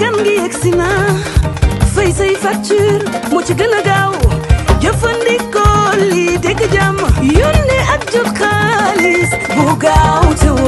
kan gi yegsi na fay say facture moo ci gën a gaaw jëfandikoo lii dégg jàmm yónnee ak jot xaalis bu gaaw te woo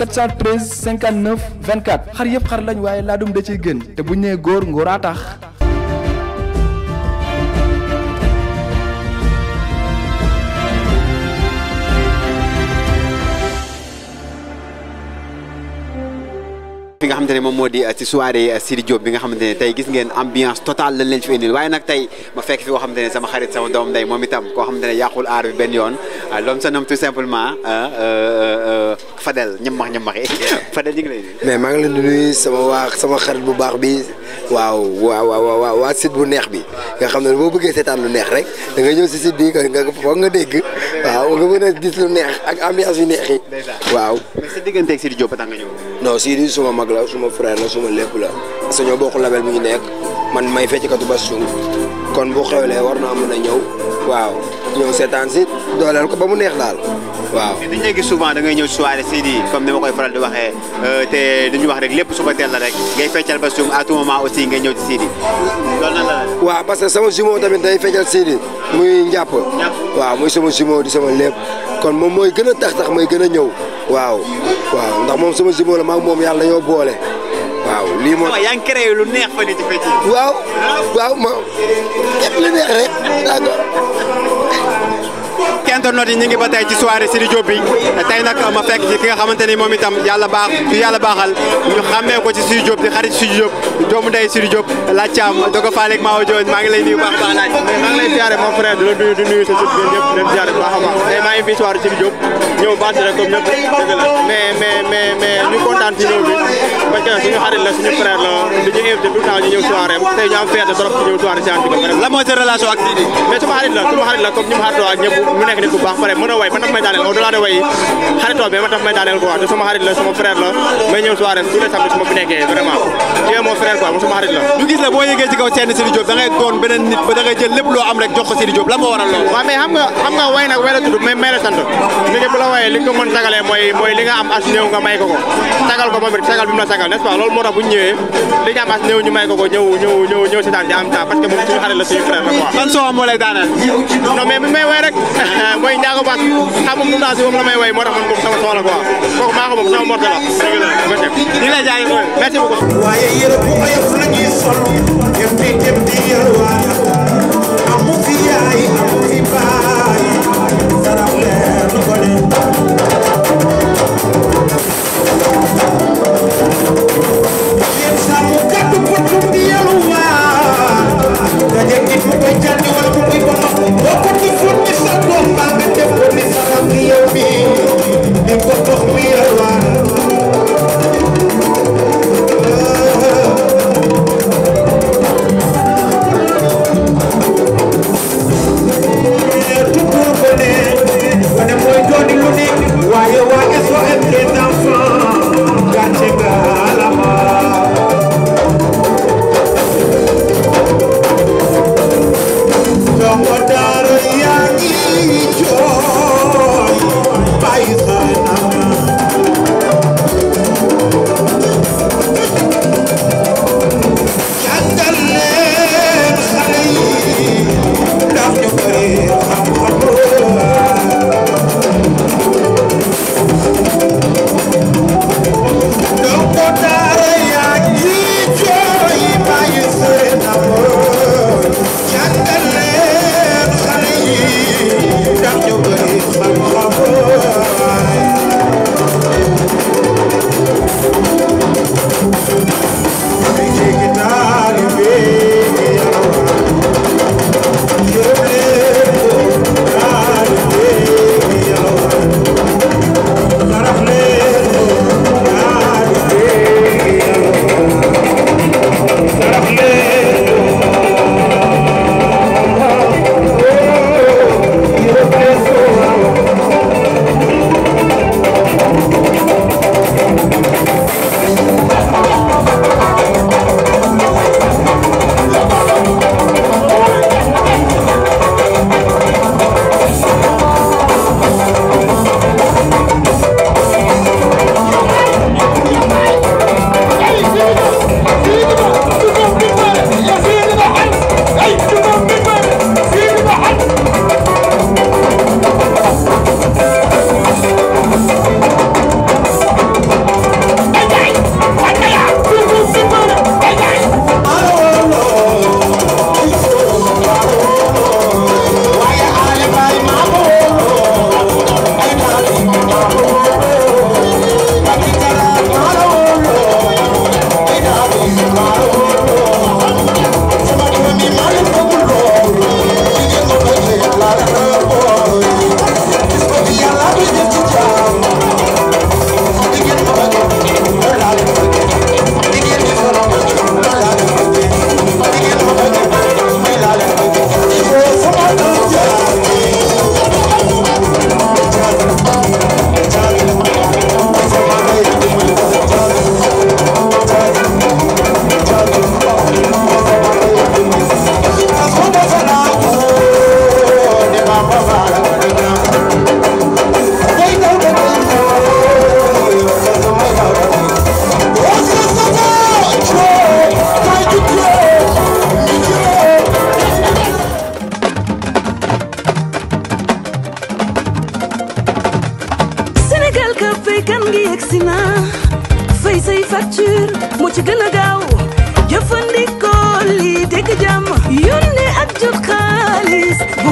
413 59 24 xar yëpp xar lañ waaye laadum da ciy gën te bu ñu nee góor ngóoraa tax. fi nga xamante ne moom moo di uh, ci uh, bi nga xamante ne tey gis ngeen ambiance totale lañ leen fi indil waaye nag tey ma fekk fi koo xamante ne sama xarit sama doom ndey moom itam koo xam ne yàqul aar bi benn yoon Ah, l'homme se nomme tout simplement euh, euh, euh, Fadel ñamax ñamaxi Fadel ñu ngi lay mais maa ngi leen di nuyu sama sama xarit bu baax bi waaw waaw waaw waa site bu neex bi nga xam ne boo bëggee seetaan lu neex rek da ñëw si site bi nga foog nga dégg waaw nga mën a gis lu neex ak ambiance yu neex waaw. sa digganteeg Sidi Diop nga ñëw. non Sidi suma mag la suma frère la suma lépp la parce que ñoo bokk label bu ñu man may fecc katu ba suuf kon bu xewlee war naa mën a ñëw waaw. ñëw seetaan doole dooleel ko ba mu neex daal waaw. mais dañu gis souvent da ngay ñëw soirée si di comme ni ma koy faral di waxee euh, te dañu wax rek lépp suba teel rek ngay feccal ba suum à tout moment aussi ngay ñëw ci Sidi loolu waaw parce que sama jumeau tamit day feccal Sidi muy njàpp. waaw muy sama jumeau di sama lépp kon moom mooy gën a tax tax mooy gën a ñëw waaw. waaw ndax moom sama jumeau la maag moom yàlla ñoo boole. waaw lii moo. waaw lu neex fa di ci waaw waaw ma képp internet yi ñu ngi ba tey ci soirée Sidy Diop bi tey nag ma ci ki nga xamante ni moom itam yàlla baax ki yàlla baaxal ñu xàmmee ko ci Sidy Diop di xarit Sidy Diop doomu ndey Sidy Diop laaj caam doga faaleeg maa wajoon maa ngi lay nuyu baax baax laaj maa ngi lay siyaare mon frère di la nuyu di nuyu sa sut bi ñëpp di siyaare baax a baax tey maa ngi fii soirée Sidy Diop ñëw baax rek comme ñëpp dëgg la mais mais mais Badiane suñu xarit la suñu frère la di ñu invité tout le temps ñu ñëw soirée tey ñu am fête trop ñu ñëw soirée si Antigo la mooy sa relation ak Sidi mais sama xarit la sama xarit la comme ñu ma xaritoo ak ñëpp mu nekk nit bu baax pare mën a way ba tax may daaneel au delà de way xaritoo bi ma tax may daaneel quoi te sama xarit la sama frère la may ñëw soirée tous les samedis su ma fi nekkee vraiment tu es mon frère quoi sama xarit la ñu gis la boo yëgee ci kaw seen Sidi Diop da ngay doon beneen nit ba da ngay jël lépp loo am rek jox ko Sidi Diop la moo waral loolu waaw mais xam nga xam nga way nag way la tudd mais may la sant nit ki bu la wayee li nga mën tagalee mooy mooy li nga am as néew nga may ko ko tagal ko moom it tagal bi mu la Sénégal n'est-ce pas loolu moo tax bu ñu ñëwee li nga xamante ñëw ñu may ko ko ñëw ñëw ñëw ñëw si daan di am temps parce que moom suñu xale la suñu frère la quoi. ban soo moo lay daaneel. non mais bu may mooy Ndiago Bass xam moom naa si moom moo tax maa ko moom sama morte la. ñu lay jaay merci beaucoup. waaye yére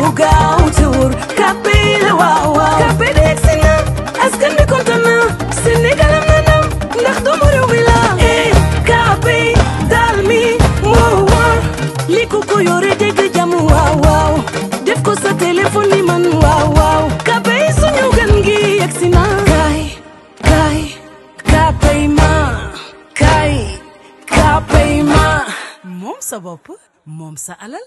bu gaaw te la waaw waaw kàpp yi si na askan bi kontaan na Sénégal am na ndam ndax doomu réew la eh kàpp yi daal mi moo wóor li ko ko yore dégg waaw waaw def ko sa téléphone man waaw waaw kàpp yi suñu gan gi si na kaay kaay kàpp ma kaay kàpp ma moom sa bopp moom sa alal